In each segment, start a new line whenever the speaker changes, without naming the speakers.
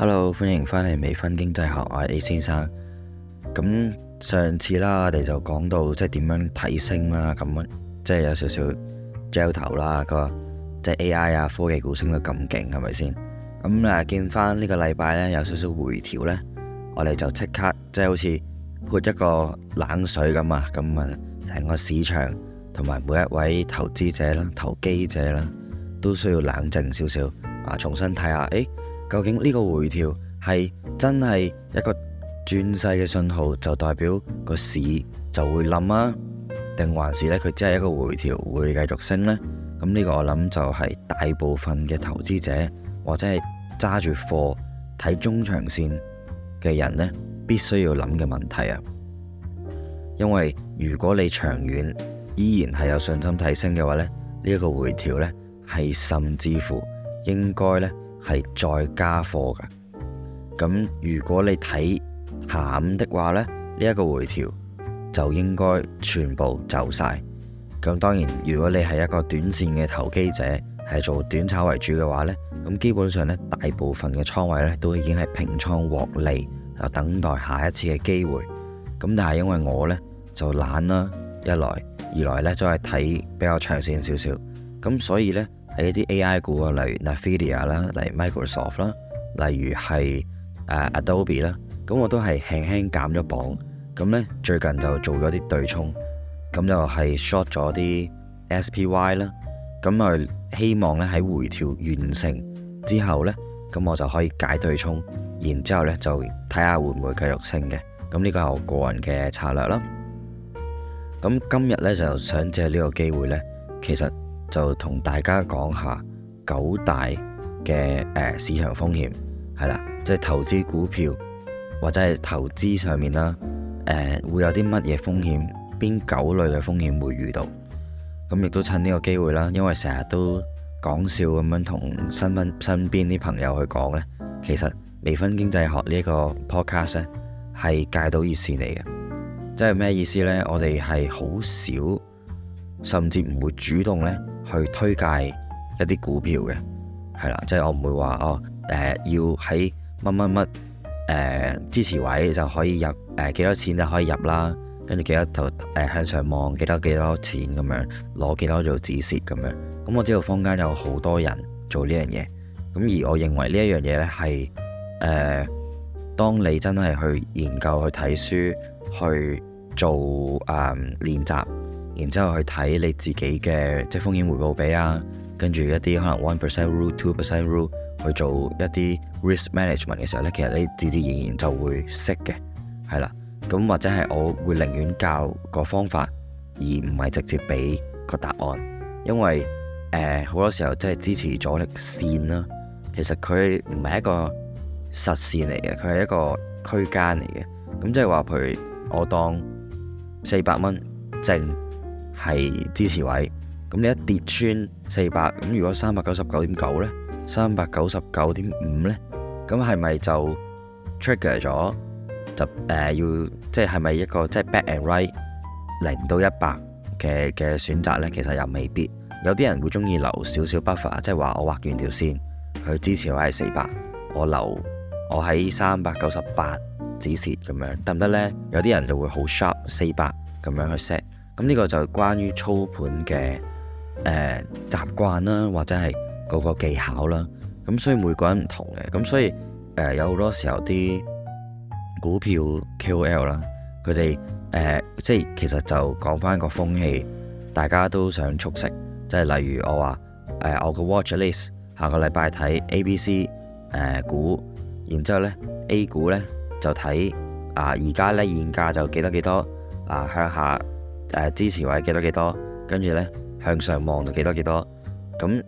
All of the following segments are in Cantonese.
Hello，歡迎翻嚟，微醺經濟學我係 A 先生。咁上次啦，我哋就講到即係點樣睇升啦，咁即係有少少焦頭啦。個即係 AI 啊科技股升得咁勁，係咪先？咁啊見翻呢個禮拜呢，有少少回調呢。我哋就即刻即係好似潑一個冷水咁啊，咁啊成個市場同埋每一位投資者啦、投機者啦，都需要冷靜少少啊，重新睇下誒。究竟呢個回調係真係一個轉勢嘅信號，就代表個市就會冧啊？定還是呢？佢只係一個回調會繼續升呢？咁、這、呢個我諗就係大部分嘅投資者或者係揸住貨睇中長線嘅人呢，必須要諗嘅問題啊！因為如果你長遠依然係有信心提升嘅話呢，呢一個回調呢，係甚至乎應該呢。係再加貨噶，咁如果你睇下午的話呢，呢一個回調就應該全部走晒。咁當然，如果你係一個短線嘅投機者，係做短炒為主嘅話呢，咁基本上呢，大部分嘅倉位呢都已經係平倉獲利，就等待下一次嘅機會。咁但係因為我呢，就懶啦，一來二來呢，都係睇比較長線少少，咁所以呢。喺啲 AI 股啊，例如 Nvidia 啦，例如 Microsoft 啦，例如係啊 Adobe 啦，咁我都係輕輕減咗磅。咁咧最近就做咗啲對沖，咁就係 short 咗啲 SPY 啦。咁啊希望咧喺回調完成之後咧，咁我就可以解對沖，然之後咧就睇下會唔會繼續升嘅。咁呢個係我個人嘅策略啦。咁今日咧就想借呢個機會咧，其實。就同大家講下九大嘅，誒，市場風險係啦，即係、就是、投資股票或者係投資上面啦，誒、呃、會有啲乜嘢風險？邊九類嘅風險會遇到？咁亦都趁呢個機會啦，因為成日都講笑咁樣同身邊身邊啲朋友去講呢。其實微醺經濟學呢、這個 podcast 咧係介到熱線嚟嘅，即係咩意思呢？我哋係好少，甚至唔會主動呢。去推介一啲股票嘅，係啦，即係我唔會話哦，誒、呃，要喺乜乜乜誒支持位就可以入，誒、呃、幾多錢就可以入啦，跟住幾多就誒、呃、向上望，幾多幾多錢咁樣攞幾多做止蝕咁樣。咁、嗯、我知道坊間有好多人做呢樣嘢，咁而我認為呢一樣嘢咧係誒，當你真係去研究、去睇書、去做誒練習。嗯然之後去睇你自己嘅即係風險回報比啊，跟住一啲可能 one percent rule two percent rule 去做一啲 risk management 嘅時候呢，其實你自自然然就會識嘅，係啦。咁或者係我會寧願教個方法，而唔係直接俾個答案，因為誒、呃、好多時候真係支持咗啲線啦。其實佢唔係一個實線嚟嘅，佢係一個區間嚟嘅。咁即係話譬如我當四百蚊正。係支持位，咁你一跌穿四百，咁如果三百九十九點九呢？三百九十九點五呢？咁係咪就 trigger 咗就誒、呃、要即係咪一個即係、即係、back and right 零到一百嘅嘅選擇呢？其實又未必，有啲人會鍾意留少少 buffer，即係話我畫完條線，去支持位係四百，我留我喺三百九十八止蝕咁樣得唔得呢？有啲人就會好 sharp 四百咁樣去 set。咁、這、呢個就關於操盤嘅誒習慣啦，或者係個個技巧啦。咁所以每個人唔同嘅。咁所以誒、呃、有好多時候啲股票 KOL 啦，佢哋誒即係其實就講返個風氣，大家都想速食，即係例如我話誒、呃、我個 watch list 下個禮拜睇 A B C 誒、呃、股，然之後咧 A 股咧就睇啊而家咧現價就幾多幾多啊向下。誒支持位者幾多幾多，跟住呢向上望就幾多幾多，咁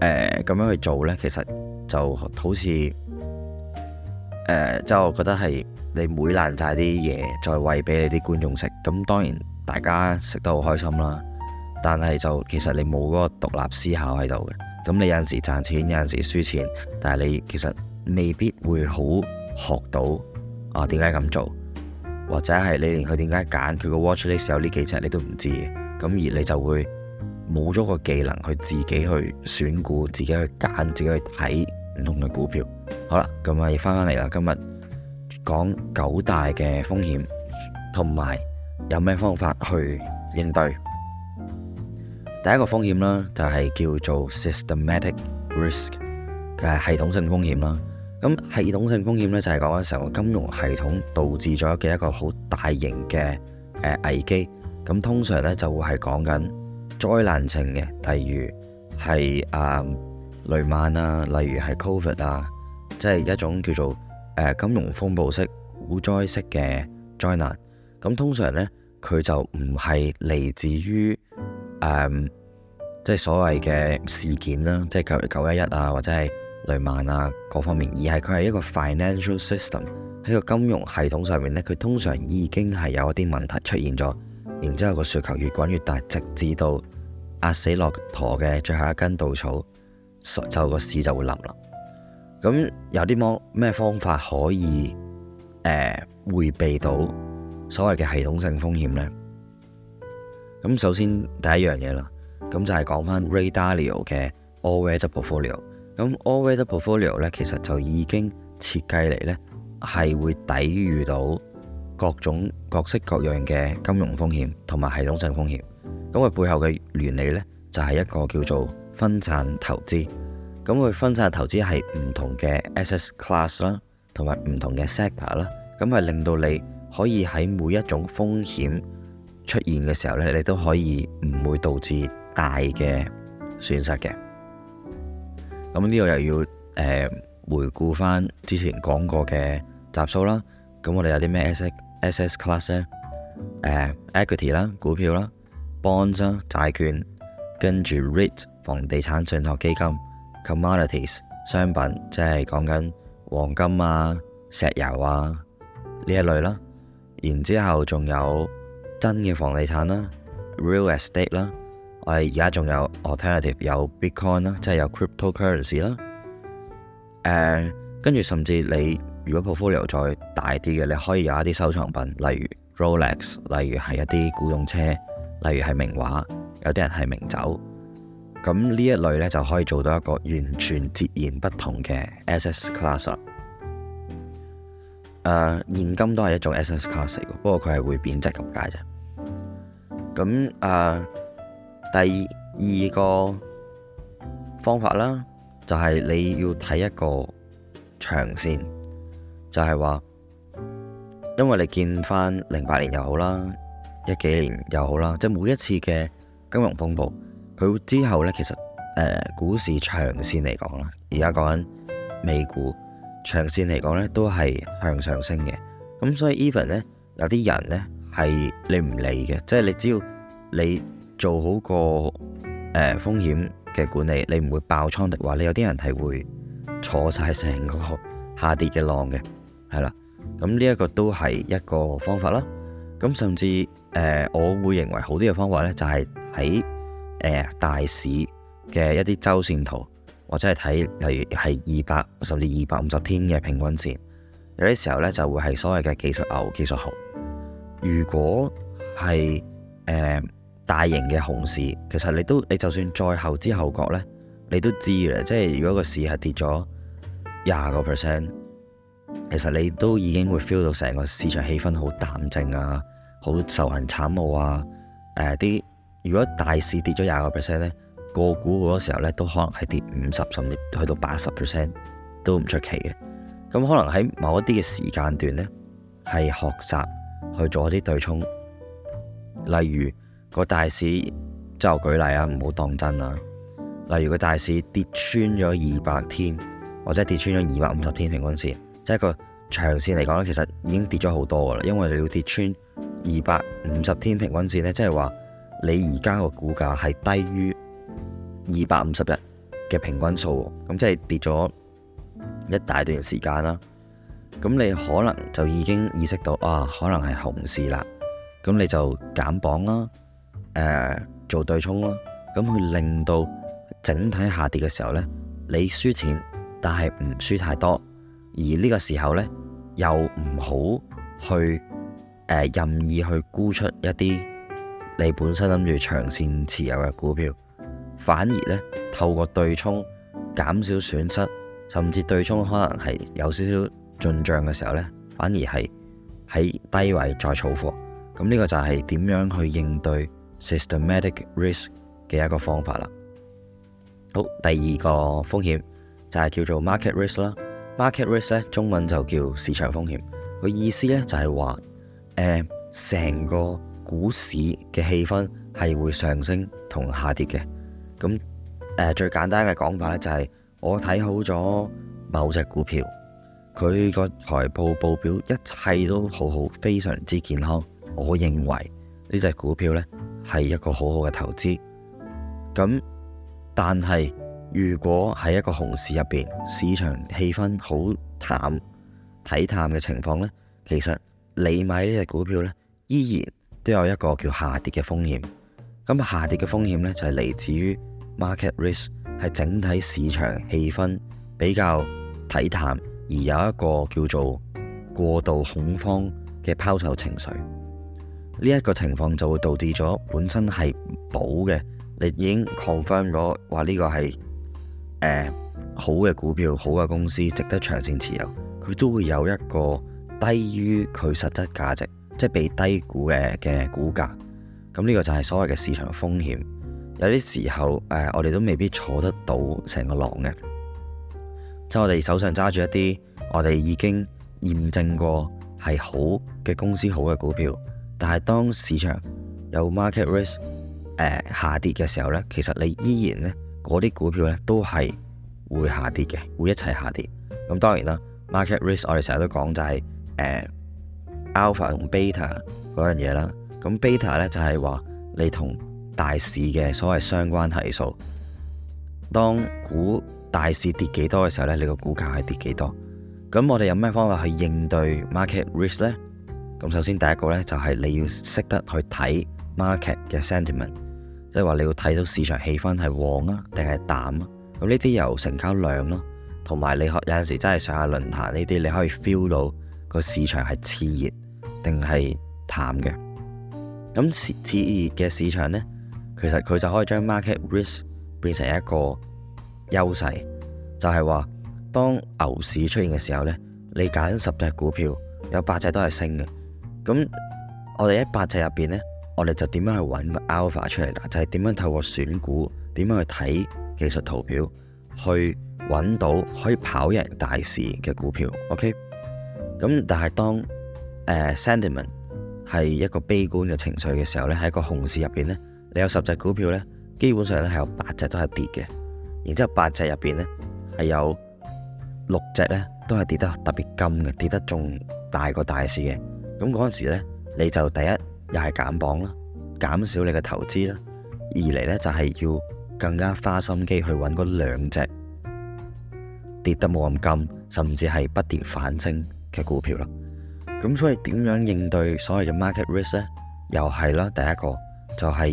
誒咁樣去做呢，其實就好似誒，即、呃、係我覺得係你每攔曬啲嘢再餵俾你啲觀眾食，咁當然大家食得好開心啦。但係就其實你冇嗰個獨立思考喺度嘅，咁你有陣時賺錢，有陣時輸錢，但係你其實未必會好學到啊點解咁做？或者係你連佢點解揀佢個 watchlist 有呢幾隻你都唔知嘅，咁而你就會冇咗個技能去自己去選股、自己去揀、自己去睇唔同嘅股票。好啦，咁啊要翻返嚟啦，今日講九大嘅風險同埋有咩方法去應對。第一個風險啦，就係叫做 systematic risk，佢係系統性風險啦。咁系統性風險咧就係講緊成個金融系統導致咗嘅一個好大型嘅誒危機。咁通常咧就會係講緊災難性嘅，例如係啊雷曼啊，例如係 Covid 啊，即係一種叫做誒金融風暴式、股災式嘅災難。咁通常咧佢就唔係嚟自於誒即係所謂嘅事件啦，即係九九一一啊或者係。雷曼啊，各方面，而係佢係一個 financial system 喺個金融系統上面呢，佢通常已經係有一啲問題出現咗，然之後個雪球越滾越大，直至到壓死駱駝嘅最後一根稻草，就個市就會冧啦。咁有啲方咩方法可以誒回、呃、避到所謂嘅系統性風險呢？咁首先第一樣嘢啦，咁就係講翻 Ray Dalio 嘅 All Weather Portfolio。咁 All Weather Portfolio 咧，其實就已經設計嚟咧，係會抵禦到各種各式各樣嘅金融風險同埋系統性風險。咁佢背後嘅原理咧，就係一個叫做分散投資。咁佢分散投資係唔同嘅 Asset Class 啦，同埋唔同嘅 Sector 啦。咁係令到你可以喺每一種風險出現嘅時候咧，你都可以唔會導致大嘅損失嘅。咁呢個又要誒、呃、回顧翻之前講過嘅集數啦。咁我哋有啲咩 asset class 呢？誒、呃、equity 啦，股票啦，bonds 啦，債券，跟住 REITs，房地產信託基金，commodities，商品，即係講緊黃金啊、石油啊呢一類啦。然之後仲有真嘅房地產啦，real estate 啦。我係而家仲有 alternative，有 Bitcoin 啦，即係有 cryptocurrency 啦。誒，跟住甚至你如果 portfolio 再大啲嘅，你可以有一啲收藏品，例如 Rolex，例如係一啲古董車，例如係名畫，有啲人係名酒。咁、啊、呢一類呢就可以做到一個完全截然不同嘅 asset class。誒、啊，現金都係一種 asset class 嚟嘅，不過佢係會貶值咁解啫。咁、啊、誒。啊第二個方法啦，就係你要睇一個長線，就係話，因為你見翻零八年又好啦，一幾年又好啦，即係每一次嘅金融風暴，佢之後呢，其實誒、呃、股市長線嚟講啦，而家講緊美股長線嚟講呢，都係向上升嘅。咁所以 even 呢，有啲人呢係你唔理嘅，即係你只要你做好個誒風險嘅管理，你唔會爆倉嘅話，你有啲人係會坐晒成個下跌嘅浪嘅，係啦。咁呢一個都係一個方法啦。咁甚至誒、呃，我會認為好啲嘅方法呢，就係睇大市嘅一啲周線圖，或者係睇例如係二百甚至二百五十天嘅平均線。有啲時候呢，就會係所謂嘅技術牛、技術熊。如果係誒，呃大型嘅熊市，其實你都你就算再後知後覺呢，你都知嘅，即係如果個市係跌咗廿個 percent，其實你都已經會 feel 到成個市場氣氛好淡靜啊，好愁雲慘霧啊。誒、呃、啲如果大市跌咗廿個 percent 呢，個股好多時候呢都可能係跌五十甚至去到八十 percent 都唔出奇嘅。咁可能喺某一啲嘅時間段呢，係學習去做一啲對沖，例如。個大市就舉例啊，唔好當真啊。例如個大市跌穿咗二百天，或者跌穿咗二百五十天平均線，即係一個長線嚟講咧，其實已經跌咗好多噶啦。因為你要跌穿二百五十天平均線咧，即係話你而家個股價係低於二百五十日嘅平均數，咁即係跌咗一大段時間啦。咁你可能就已經意識到啊，可能係熊市啦。咁你就減磅啦。誒，做對沖咯，咁去令到整體下跌嘅時候呢，你輸錢，但係唔輸太多。而呢個時候呢，又唔好去任意去沽出一啲你本身諗住長線持有嘅股票，反而呢，透過對沖減少損失，甚至對沖可能係有少少進賬嘅時候呢，反而係喺低位再儲貨。咁、這、呢個就係點樣去應對。systematic risk 嘅一個方法啦。好，第二個風險就係叫做 market risk 啦。market risk 咧，中文就叫市場風險。個意思咧就係話，誒成個股市嘅氣氛係會上升同下跌嘅。咁誒最簡單嘅講法咧就係我睇好咗某隻股票，佢個財報報表一切都好好，非常之健康。我認為呢隻股票咧，係一個好好嘅投資，咁但係如果喺一個熊市入邊，市場氣氛好淡，睇淡嘅情況呢，其實你買呢隻股票呢，依然都有一個叫下跌嘅風險。咁下跌嘅風險呢，就係嚟自於 market risk，係整體市場氣氛比較睇淡，而有一個叫做過度恐慌嘅拋售情緒。呢、這、一個情況就會導致咗本身係保嘅，你已經 confirm 咗話呢個係誒、呃、好嘅股票，好嘅公司值得長線持有。佢都會有一個低於佢實質價值，即係被低估嘅嘅股價。咁呢個就係所謂嘅市場風險。有啲時候誒、呃，我哋都未必坐得到成個浪嘅，即係我哋手上揸住一啲我哋已經驗證過係好嘅公司，好嘅股票。但係當市場有 market risk，誒、呃、下跌嘅時候咧，其實你依然咧嗰啲股票咧都係會下跌嘅，會一齊下跌。咁當然啦，market risk 我哋成日都講、呃、就係誒 alpha 同 beta 嗰樣嘢啦。咁 beta 咧就係話你同大市嘅所謂相關係數。當股大市跌幾多嘅時候咧，你個股價係跌幾多。咁我哋有咩方法去應對 market risk 咧？咁首先，第一個呢，就係你要識得去睇 market 嘅 sentiment，即係話你要睇到市場氣氛係旺啊定係淡啊。咁呢啲由成交量咯，同埋你可有陣時真係上下論壇呢啲，你可以 feel 到個市場係熾熱定係淡嘅。咁熾熱嘅市場呢，其實佢就可以將 market risk 變成一個優勢，就係話當牛市出現嘅時候呢，你揀十隻股票，有八隻都係升嘅。咁我哋喺八隻入邊呢，我哋就點樣去揾個 alpha 出嚟啦？就係、是、點樣透過選股，點樣去睇技術圖表，去揾到可以跑贏大市嘅股票。OK，咁但係當誒、呃、sentiment 係一個悲觀嘅情緒嘅時候呢，喺一個熊市入邊呢，你有十隻股票呢，基本上呢係有八隻都係跌嘅，然之後八隻入邊呢，係有六隻呢，都係跌得特別金嘅，跌得仲大過大市嘅。咁嗰陣時呢，你就第一又係減磅啦，減少你嘅投資啦；二嚟呢就係要更加花心機去揾嗰兩隻跌得冇咁急，甚至係不跌反升嘅股票啦。咁所以點樣應對所謂嘅 market risk 呢？又係啦，第一個就係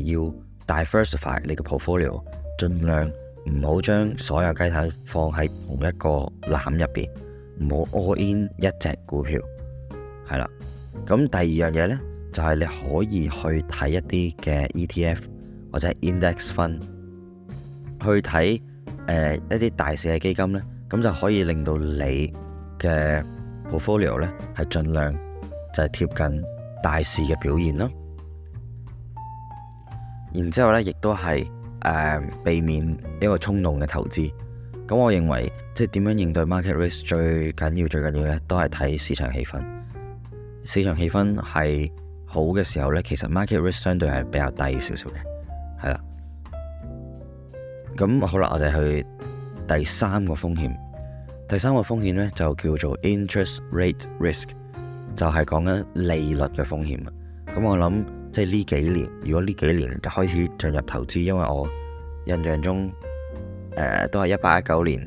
要 diversify 你嘅 portfolio，盡量唔好將所有雞蛋放喺同一個籃入邊，唔好 all in 一隻股票，係啦。咁第二樣嘢呢，就係、是、你可以去睇一啲嘅 ETF 或者 index fund 去睇誒一啲大市嘅基金呢，咁就可以令到你嘅 portfolio 呢，係盡量就係貼近大市嘅表現咯。然之後呢，亦都係誒、呃、避免一個衝動嘅投資。咁我認為即係點樣應對 market risk 最緊要最緊要呢，都係睇市場氣氛。市場氣氛係好嘅時候呢，其實 market risk 相對係比較低少少嘅，係啦。咁好啦，我哋去第三個風險。第三個風險呢就叫做 interest rate risk，就係講緊利率嘅風險。咁我諗即係呢幾年，如果呢幾年就開始進入投資，因為我印象中，呃，都係一八一九年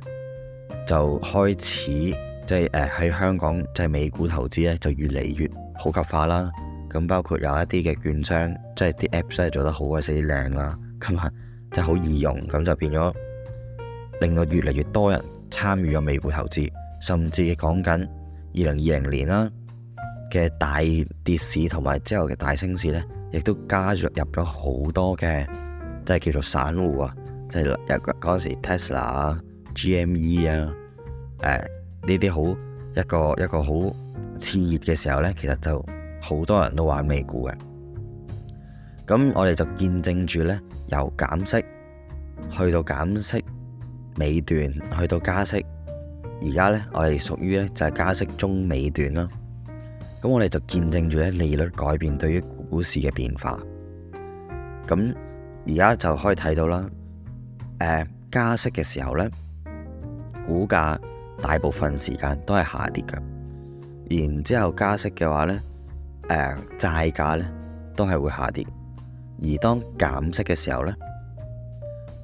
就開始。即係誒喺香港，即係美股投資咧，就越嚟越普及化啦。咁包括有一啲嘅券商，即係啲 app 真係做得好鬼死靚啦，咁啊，即係好易用，咁就變咗令到越嚟越多人參與咗美股投資。甚至講緊二零二零年啦嘅大跌市，同埋之後嘅大升市咧，亦都加入入咗好多嘅，即係叫做散戶啊，即係入嗰陣時 Tesla、啊、GME 啊，誒。呢啲好一個一個好熾熱嘅時候呢，其實就好多人都玩美股嘅。咁我哋就見證住呢，由減息去到減息尾段，去到加息，而家呢，我哋屬於呢，就係加息中尾段啦。咁我哋就見證住呢，利率改變對於股市嘅變化。咁而家就可以睇到啦，呃，加息嘅時候呢，股價，大部分時間都係下跌嘅，然之後加息嘅話、呃、債價呢，誒債價呢都係會下跌，而當減息嘅時候呢，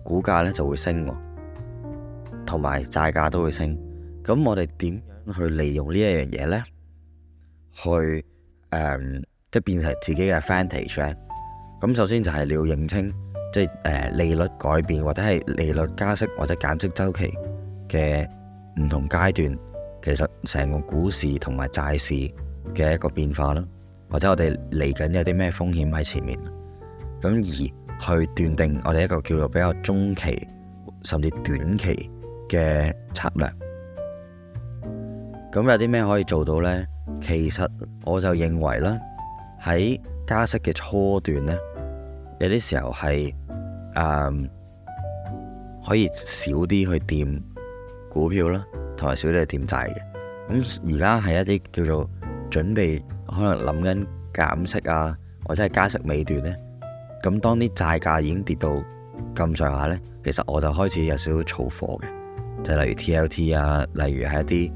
股價呢就會升，同埋債價都會升。咁我哋點樣去利用呢一樣嘢呢？去、呃、即係變成自己嘅 advantage 呢？咁首先就係你要認清，即、就、係、是呃、利率改變或者係利率加息或者減息周期嘅。唔同階段，其實成個股市同埋債市嘅一個變化啦，或者我哋嚟緊有啲咩風險喺前面，咁而去斷定我哋一個叫做比較中期甚至短期嘅策略。咁有啲咩可以做到呢？其實我就認為啦，喺加息嘅初段呢，有啲時候係、嗯、可以少啲去掂股票啦，同埋少啲係墊債嘅。咁而家係一啲叫做準備，可能諗緊減息啊，或者係加息尾段呢。咁當啲債價已經跌到咁上下呢，其實我就開始有少少儲貨嘅，就例如 TLT 啊，例如係一啲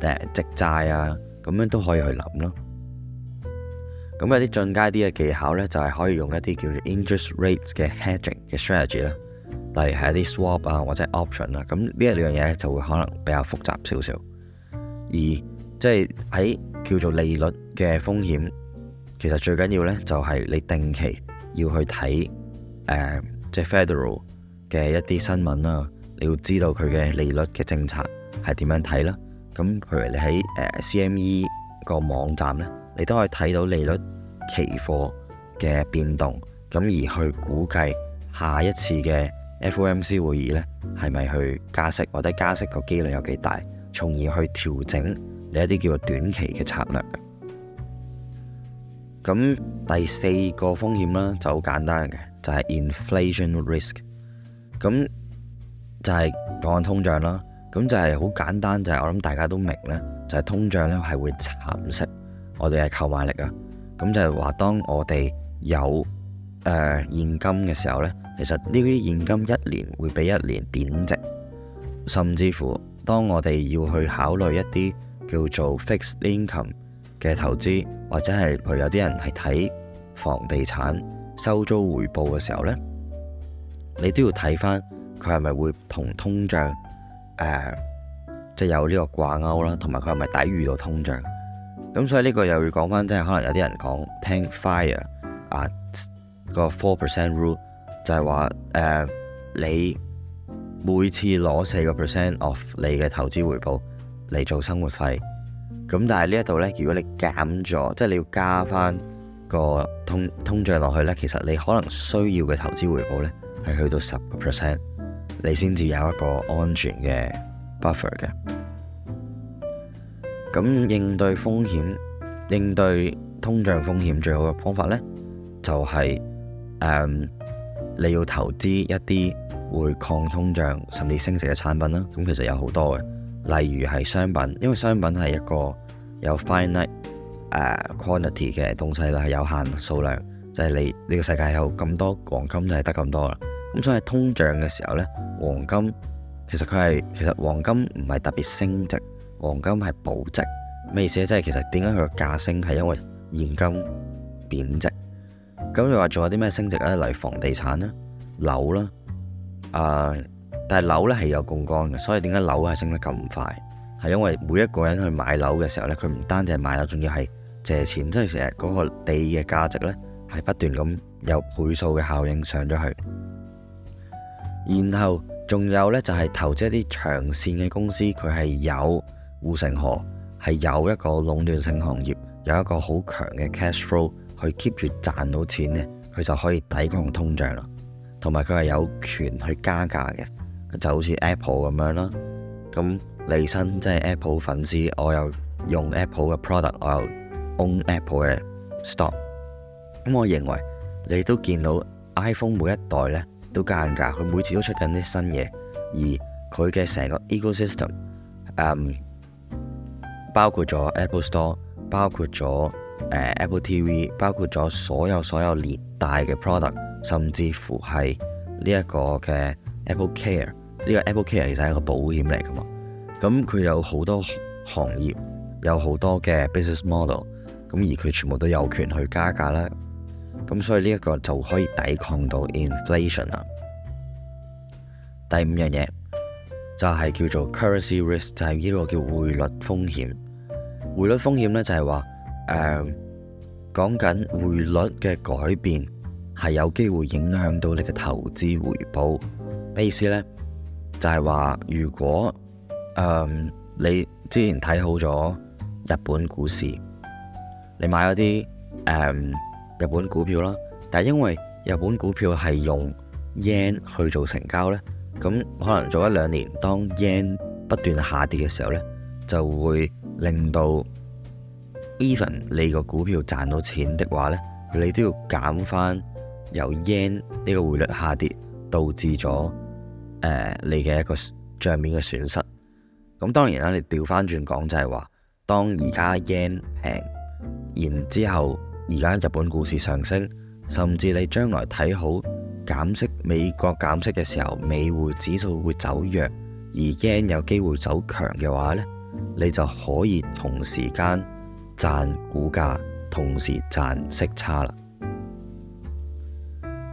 誒積債啊，咁樣都可以去諗咯。咁有啲進階啲嘅技巧呢，就係可以用一啲叫做 interest rate 嘅 hedging 嘅 strategy 啦。例如係一啲 swap 啊，或者 option 啦、啊，咁呢一兩樣嘢就會可能比較複雜少少。而即係喺叫做利率嘅風險，其實最緊要呢就係、是、你定期要去睇即係 Federal 嘅一啲新聞啦、啊，你要知道佢嘅利率嘅政策係點樣睇啦。咁譬如你喺誒 CME 個網站呢，你都可以睇到利率期貨嘅變動，咁而去估計下一次嘅。FOMC 會議呢，係咪去加息或者加息個機率有幾大，從而去調整你一啲叫做短期嘅策略嘅。咁第四個風險啦就好簡單嘅，就係、是、inflation risk。咁就係、是、講緊通脹啦。咁就係好簡單，就係、是、我諗大家都明呢，就係、是、通脹呢，係會蠶食我哋嘅購買力啊。咁就係話當我哋有誒、呃、現金嘅時候呢。其實呢啲現金一年會比一年貶值，甚至乎當我哋要去考慮一啲叫做 fixed income 嘅投資，或者係譬如有啲人係睇房地產收租回報嘅時候呢，你都要睇翻佢係咪會同通脹，即、呃、就係、有呢個掛鈎啦，同埋佢係咪抵禦到通脹。咁所以呢個又要講翻，即係可能有啲人講聽 fire 啊個 four percent rule。就係話誒，uh, 你每次攞四個 percent of 你嘅投資回報嚟做生活費，咁但係呢一度呢，如果你減咗，即係你要加翻個通通脹落去呢，其實你可能需要嘅投資回報呢，係去到十個 percent，你先至有一個安全嘅 buffer 嘅。咁應對風險、應對通脹風險最好嘅方法呢，就係誒。Um, 你要投資一啲會抗通脹甚至升值嘅產品啦，咁其實有好多嘅，例如係商品，因為商品係一個有 finite quantity 嘅東西啦，係有限數量，就係你呢個世界有咁多黃金就係得咁多啦。咁所以通脹嘅時候呢，黃金其實佢係其實黃金唔係特別升值，黃金係保值。咩意思？即係其實點解佢價升係因為現金貶值。咁你話仲有啲咩升值呢？例如房地產啦、樓啦，啊，但係樓呢係有槓桿嘅，所以點解樓係升得咁快？係因為每一個人去買樓嘅時候呢，佢唔單止係買樓，仲要係借錢，即係成日嗰個地嘅價值呢，係不斷咁有倍數嘅效應上咗去。然後仲有呢，就係投資一啲長線嘅公司，佢係有護城河，係有一個壟斷性行業，有一個好強嘅 cash flow。佢 keep 住賺到錢呢，佢就可以抵抗通脹啦，同埋佢係有權去加價嘅，就好似 Apple 咁樣啦。咁你新即係、就是、Apple 粉絲，我有用 Apple 嘅 product，我有 own Apple 嘅 store。咁我認為你都見到 iPhone 每一代呢都加價，佢每次都出緊啲新嘢，而佢嘅成個 ecosystem，、um，包括咗 Apple Store，包括咗。誒，Apple TV 包括咗所有所有連帶嘅 product，甚至乎係呢一個嘅 Apple Care 呢個 Apple Care 其實係一個保險嚟噶嘛。咁佢有好多行業有好多嘅 business model，咁而佢全部都有權去加價啦。咁所以呢一個就可以抵抗到 inflation 啦。第五樣嘢就係叫做 currency risk，就係呢個叫匯率風險。匯率風險咧就係話。誒講緊匯率嘅改變係有機會影響到你嘅投資回報，咩意思呢？就係、是、話，如果、um, 你之前睇好咗日本股市，你買一啲、um, 日本股票啦，但係因為日本股票係用 yen 去做成交呢，咁可能做一兩年，當 yen 不斷下跌嘅時候呢，就會令到。even 你個股票賺到錢的話呢，你都要減翻由 yen 呢個匯率下跌導致咗誒、呃、你嘅一個帳面嘅損失。咁當然啦，你調翻轉講就係話，當而家 yen 平然之後，而家日本股市上升，甚至你將來睇好減息美國減息嘅時候，美匯指數會走弱，而 yen 有機會走強嘅話呢，你就可以同時間。賺股價，同時賺息差啦。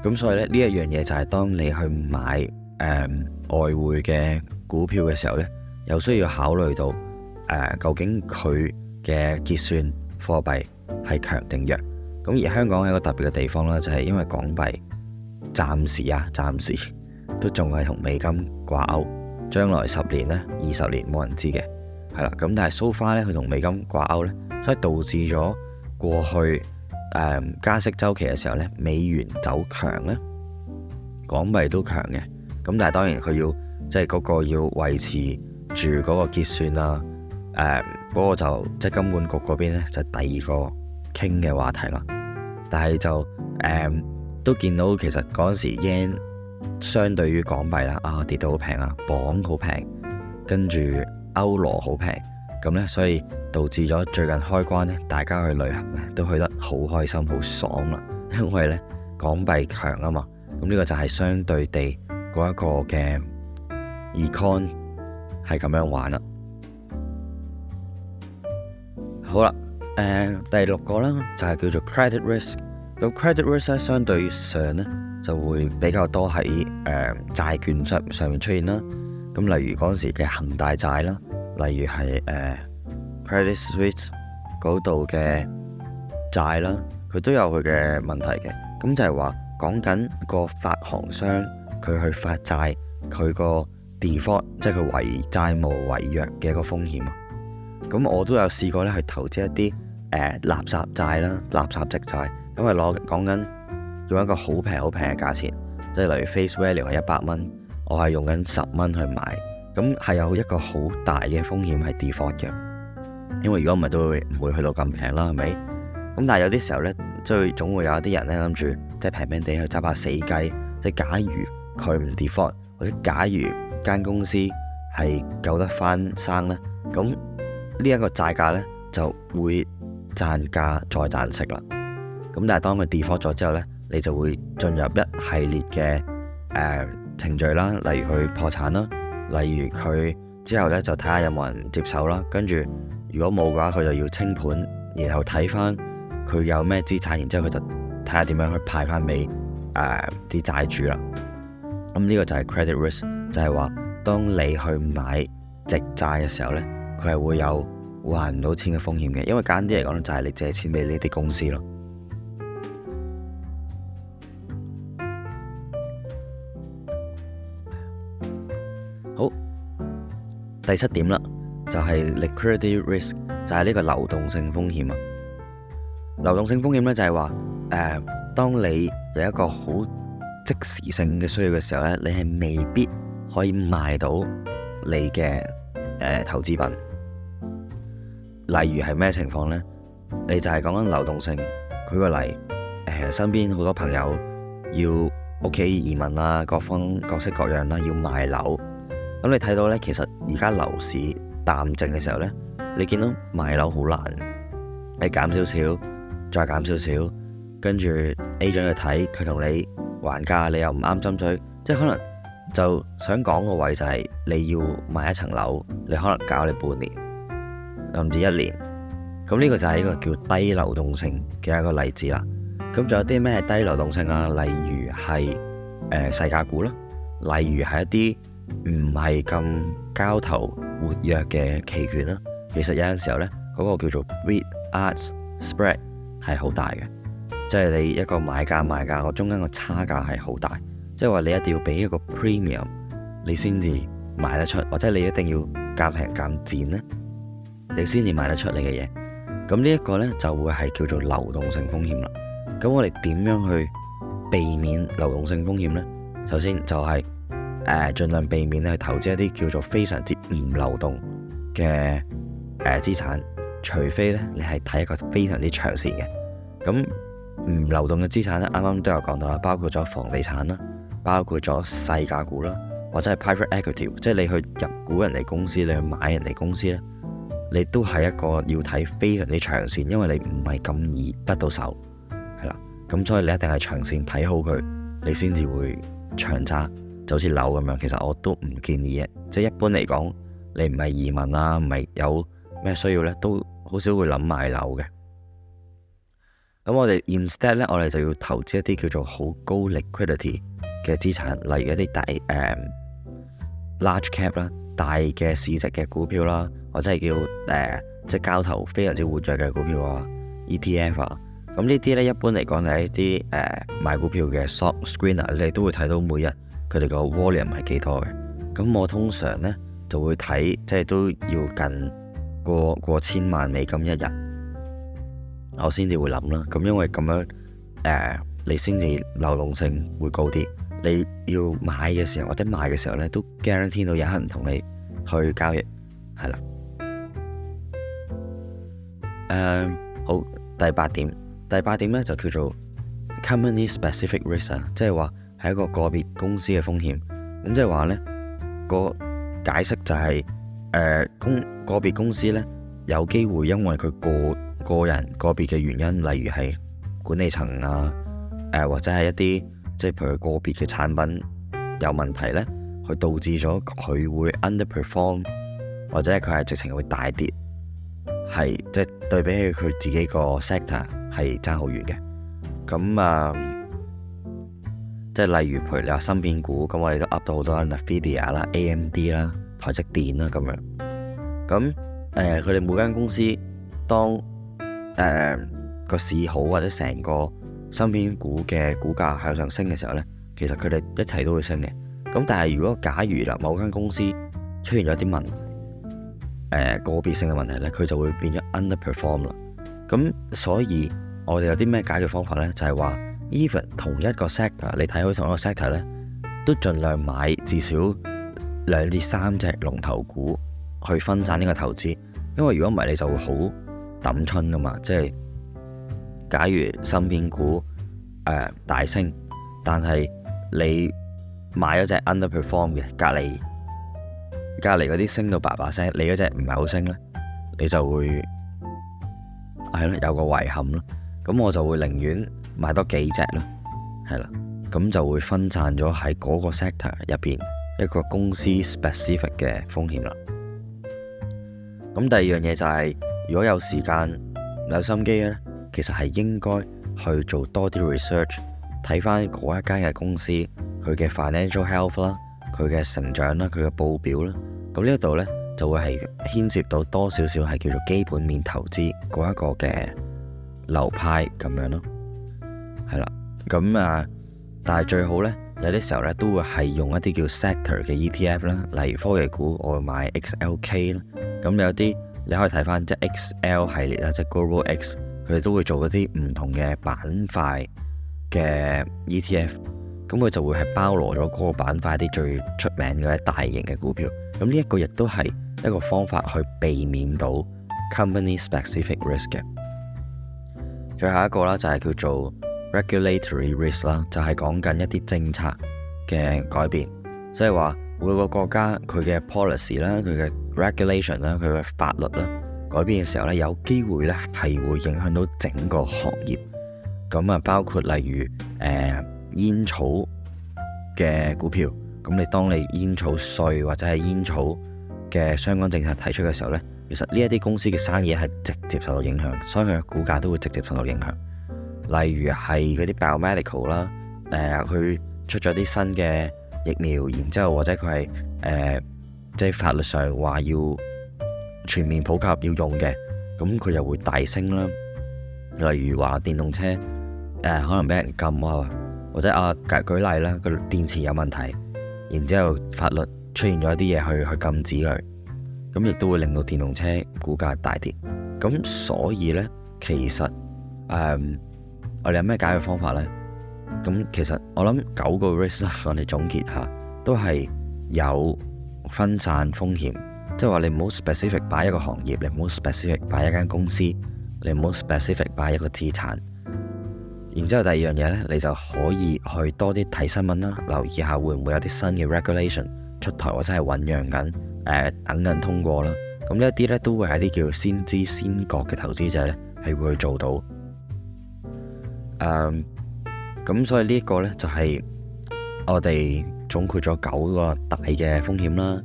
咁所以咧，呢一樣嘢就係當你去買誒、呃、外匯嘅股票嘅時候呢，又需要考慮到誒、呃、究竟佢嘅結算貨幣係強定弱。咁而香港係一個特別嘅地方啦，就係、是、因為港幣暫時啊，暫時都仲係同美金掛鈎，將來十年呢，二十年冇人知嘅。係、嗯、啦，咁但係 so far 咧，佢同美金掛鈎咧，所以導致咗過去誒、嗯、加息周期嘅時候咧，美元走強咧，港幣都強嘅。咁、嗯、但係當然佢要即係嗰個要維持住嗰個結算啊，誒、嗯、嗰、那個、就即係、就是、金管局嗰邊咧，就是、第二個傾嘅話題啦。但係就誒、嗯、都見到其實嗰陣時 yen 相對於港幣啦，啊跌到好平啊，鎊好平，跟住。歐羅好平，咁呢，所以導致咗最近開關呢，大家去旅行呢，都去得好開心、好爽啦。因為呢，港幣強啊嘛，咁呢個就係相對地嗰一個嘅 econ 係咁樣玩啦。好啦，呃，第六個啦，就係叫做 credit risk。咁 credit risk 咧，相對上呢，就會比較多喺誒、呃、債券上上面出現啦。咁例如嗰陣時嘅恒大債啦，例如係誒、uh, Credit Suisse 嗰度嘅債啦，佢都有佢嘅問題嘅。咁就係話講緊個發行商佢去發債，佢個 default，即係佢違債務違約嘅個風險啊。咁我都有試過咧去投資一啲誒垃圾債啦、uh, 垃圾債，因為攞講緊用一個好平好平嘅價錢，即係例如 face value 係一百蚊。我係用緊十蚊去買，咁係有一個好大嘅風險係 default 嘅，因為如果唔係都會唔會去到咁平啦，係咪？咁但係有啲時候呢，即係總會有一啲人呢諗住即係平平地去執下死雞，即係假如佢唔 default，或者假如間公司係救得翻生呢，咁呢一個債價呢，就會賺價再賺息啦。咁但係當佢 default 咗之後呢，你就會進入一系列嘅誒，呃程序啦，例如佢破產啦，例如佢之後呢，就睇下有冇人接手啦，跟住如果冇嘅話，佢就要清盤，然後睇翻佢有咩資產，然之後佢就睇下點樣去派翻俾啲債主啦。咁，嗯，呢個就係 credit risk，就係話當你去買直債嘅時候呢，佢係會有還唔到錢嘅風險嘅，因為簡單啲嚟講就係你借錢俾呢啲公司咯。好，第七點啦，就係、是、liquidity risk，就係呢個流動性風險啊。流動性風險咧就係話，誒，當你有一個好即時性嘅需要嘅時候咧，你係未必可以賣到你嘅誒、呃、投資品。例如係咩情況呢？你就係講緊流動性。舉個例，誒、呃，身邊好多朋友要屋企移民啦，各方各式各樣啦，要賣樓。咁你睇到呢，其實而家樓市淡靜嘅時候呢，你見到賣樓好難，你減少少，再減少少，他跟住 A 準去睇，佢同你還價，你又唔啱心水，即係可能就想講個位就係、是、你要買一層樓，你可能搞你半年，甚至一年。咁呢個就係一個叫低流動性嘅一個例子啦。咁仲有啲咩低流動性啊？例如係誒、呃、細價股啦，例如係一啲。唔係咁交投活躍嘅期權啦，其實有陣時候呢，嗰個叫做 bid ask spread 係好大嘅，即係你一個買價賣價個中間個差價係好大，即係話你一定要俾一個 premium，你先至賣得出，或者你一定要減平減賤呢，你先至賣得出你嘅嘢。咁呢一個呢，就會係叫做流動性風險啦。咁我哋點樣去避免流動性風險呢？首先就係、是。誒，盡量避免咧，去投資一啲叫做非常之唔流動嘅誒資產，除非咧，你係睇一個非常之長線嘅咁唔流動嘅資產呢，啱啱都有講到啦，包括咗房地產啦，包括咗細價股啦，或者係 private equity，即係你去入股人哋公司，你去買人哋公司咧，你都係一個要睇非常之長線，因為你唔係咁易得到手係啦。咁所以你一定係長線睇好佢，你先至會長揸。就似樓咁樣，其實我都唔建議嘅。即係一般嚟講，你唔係移民啦，唔係有咩需要呢？都好少會諗買樓嘅。咁我哋 instead 呢，我哋就要投資一啲叫做好高 liquidity 嘅資產，例如一啲大誒、um, large cap 啦，大嘅市值嘅股票啦，或者係叫誒即係交投非常之活躍嘅股票啊，ETF 啊。咁呢啲呢，一般嚟講你喺啲誒買股票嘅 soft screener，你都會睇到每日。佢哋個 volume 係幾多嘅？咁我通常呢就會睇，即係都要近過，過千萬美金一日，我先至會諗啦。咁因為咁樣誒，uh, 你先至流動性會高啲。你要買嘅時候或者賣嘅時候呢，都 guarantee 到有人同你去交易，係啦。Uh, 好，第八點，第八點呢就叫做 company specific risk，即係一個個別公司嘅風險，咁即係話呢、呢個解釋就係誒個個別公司呢，有機會因為佢個個人個別嘅原因，例如係管理層啊，誒、呃、或者係一啲即係譬如佢個別嘅產品有問題呢，佢導致咗佢會 underperform，或者佢係直情會大跌，係即係對比起佢自己個 sector 係爭好遠嘅，咁啊。呃即係例如譬如你話芯片股，咁我哋都 Up 到好多 Nvidia 啦、Nvidia, AMD 啦、台積電啦咁樣。咁誒，佢、呃、哋每間公司當誒個、呃、市好或者成個芯片股嘅股價向上升嘅時候咧，其實佢哋一齊都會升嘅。咁但係如果假如啦，某間公司出現咗啲問題，誒、呃、個別性嘅問題咧，佢就會變咗 underperform 啦。咁所以我哋有啲咩解決方法咧？就係話。Even 同一個 sector，你睇開同一個 sector 咧，都盡量買至少兩至三隻龍頭股去分散呢個投資，因為如果唔係你就會好揼春㗎嘛。即係假如芯片股誒、呃、大升，但係你買咗隻 underperform 嘅，隔離隔離嗰啲升到爸爸聲，你嗰隻唔係好升咧，你就會係咯，有個遺憾咯。咁我就會寧願。買多幾隻咯，係啦，咁就會分散咗喺嗰個 sector 入邊一個公司 specific 嘅風險啦。咁第二樣嘢就係，如果有時間有心機咧，其實係應該去做多啲 research，睇翻嗰一間嘅公司佢嘅 financial health 啦，佢嘅成長啦，佢嘅報表啦。咁呢一度呢，就會係牽涉到多少少係叫做基本面投資嗰一個嘅流派咁樣咯。係啦，咁啊，但係最好呢，有啲時候呢都會係用一啲叫 sector 嘅 E T F 啦，例如科技股，我會買 X L K 啦。咁有啲你可以睇翻即係 X L 系列啦，即係 Global X，佢哋都會做嗰啲唔同嘅板塊嘅 E T F，咁佢就會係包羅咗嗰個板塊啲最出名嘅大型嘅股票。咁呢一個亦都係一個方法去避免到 company specific risk 嘅。最後一個啦，就係叫做 Regulatory risk 啦，就係講緊一啲政策嘅改變，即係話每個國家佢嘅 policy 啦、佢嘅 regulation 啦、佢嘅法律啦改變嘅時候咧，有機會咧係會影響到整個行業。咁啊，包括例如誒煙草嘅股票，咁你當你煙草稅或者係煙草嘅相關政策提出嘅時候咧，其實呢一啲公司嘅生意係直接受到影響，所以佢嘅股價都會直接受到影響。例如係嗰啲 BioMedical 啦，誒、呃、佢出咗啲新嘅疫苗，然之後或者佢係誒即係法律上話要全面普及要用嘅，咁佢又會大升啦。例如話電動車誒、呃、可能俾人禁啊，或者啊舉例啦，個電池有問題，然之後法律出現咗啲嘢去去禁止佢，咁亦都會令到電動車股價大跌。咁所以呢，其實誒。呃我哋有咩解決方法呢？咁其實我諗九個 risk，我哋總結下都係有分散風險，即係話你唔好 specific 擺一個行業，你唔好 specific 擺一間公司，你唔好 specific 擺一個資產。然之後第二樣嘢呢，你就可以去多啲睇新聞啦，留意下會唔會有啲新嘅 regulation 出台，或者係醖釀緊誒、呃、等緊通過啦。咁呢一啲呢，都會係啲叫先知先覺嘅投資者呢，係會去做到。誒，咁所以呢一個咧，就係我哋總括咗九個大嘅風險啦。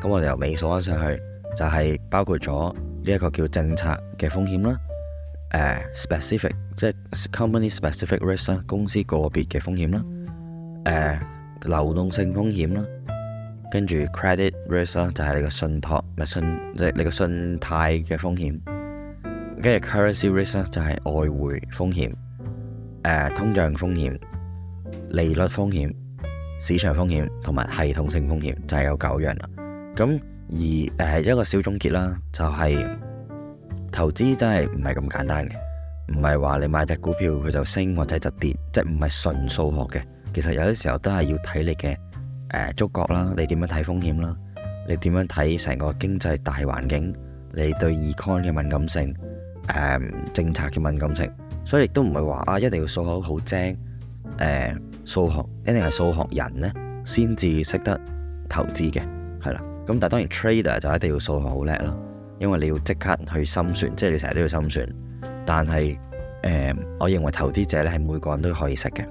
咁我哋由尾數返上去，就係包括咗呢一個叫政策嘅風險啦。specific 即係 company specific risk 啦，公司個別嘅風險啦。誒、uh，流動性風險啦，跟住 credit risk 啦，就係你個信託、信，即係你個信貸嘅風險。跟住 currency risk 啦，就係外匯風險。通脹風險、利率風險、市場風險同埋系統性風險就係、是、有九樣啦。咁而誒、呃、一個小總結啦，就係、是、投資真係唔係咁簡單嘅，唔係話你買隻股票佢就升或者就跌，即係唔係純數學嘅。其實有啲時候都係要睇你嘅誒、呃、觸覺啦，你點樣睇風險啦，你點樣睇成個經濟大環境，你對 econ 嘅敏感性，誒、呃、政策嘅敏感性。所以亦都唔係話啊，一定要數學好精，誒，數學一定係數學人咧，先至識得投資嘅，係啦。咁但係當然 trader 就一定要數學好叻啦，因為你要即刻去心算，即係你成日都要心算。但係誒、嗯，我認為投資者咧係每個人都可以識嘅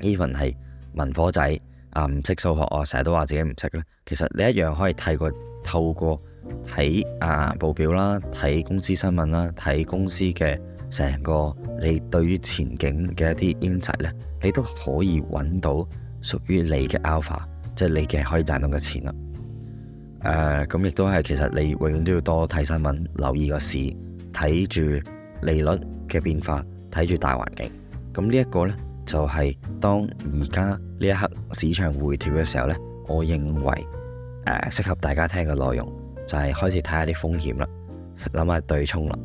，even 係文科仔啊唔識數學，我成日都話自己唔識咧。其實你一樣可以過透過透過睇啊報表啦，睇公司新聞啦，睇公司嘅。成個你對於前景嘅一啲經濟呢，你都可以揾到屬於你嘅 alpha，即係你嘅可以賺到嘅錢啦。咁、呃、亦都係其實你永遠都要多睇新聞，留意個市，睇住利率嘅變化，睇住大環境。咁呢一個呢，就係、是、當而家呢一刻市場回調嘅時候呢，我認為誒、呃、適合大家聽嘅內容就係、是、開始睇下啲風險啦，諗下對沖啦，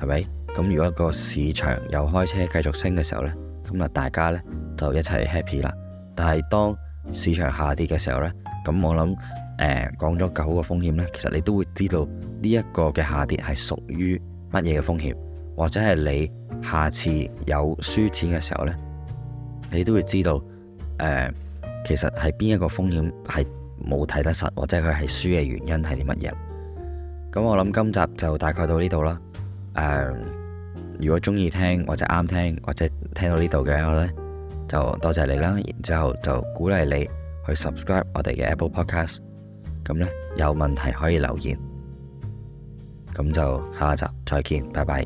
係咪？咁如果個市場又開車繼續升嘅時候呢，咁啊大家呢，就一齊 happy 啦。但係當市場下跌嘅時候呢，咁我諗誒講咗九個風險呢，其實你都會知道呢一個嘅下跌係屬於乜嘢嘅風險，或者係你下次有輸錢嘅時候呢，你都會知道、呃、其實係邊一個風險係冇睇得實，或者佢係輸嘅原因係啲乜嘢。咁我諗今集就大概到呢度啦，呃如果中意聽或者啱聽或者聽到呢度嘅我咧，就多謝你啦。然之後就鼓勵你去 subscribe 我哋嘅 Apple Podcast。咁呢，有問題可以留言。咁就下集再見，拜拜。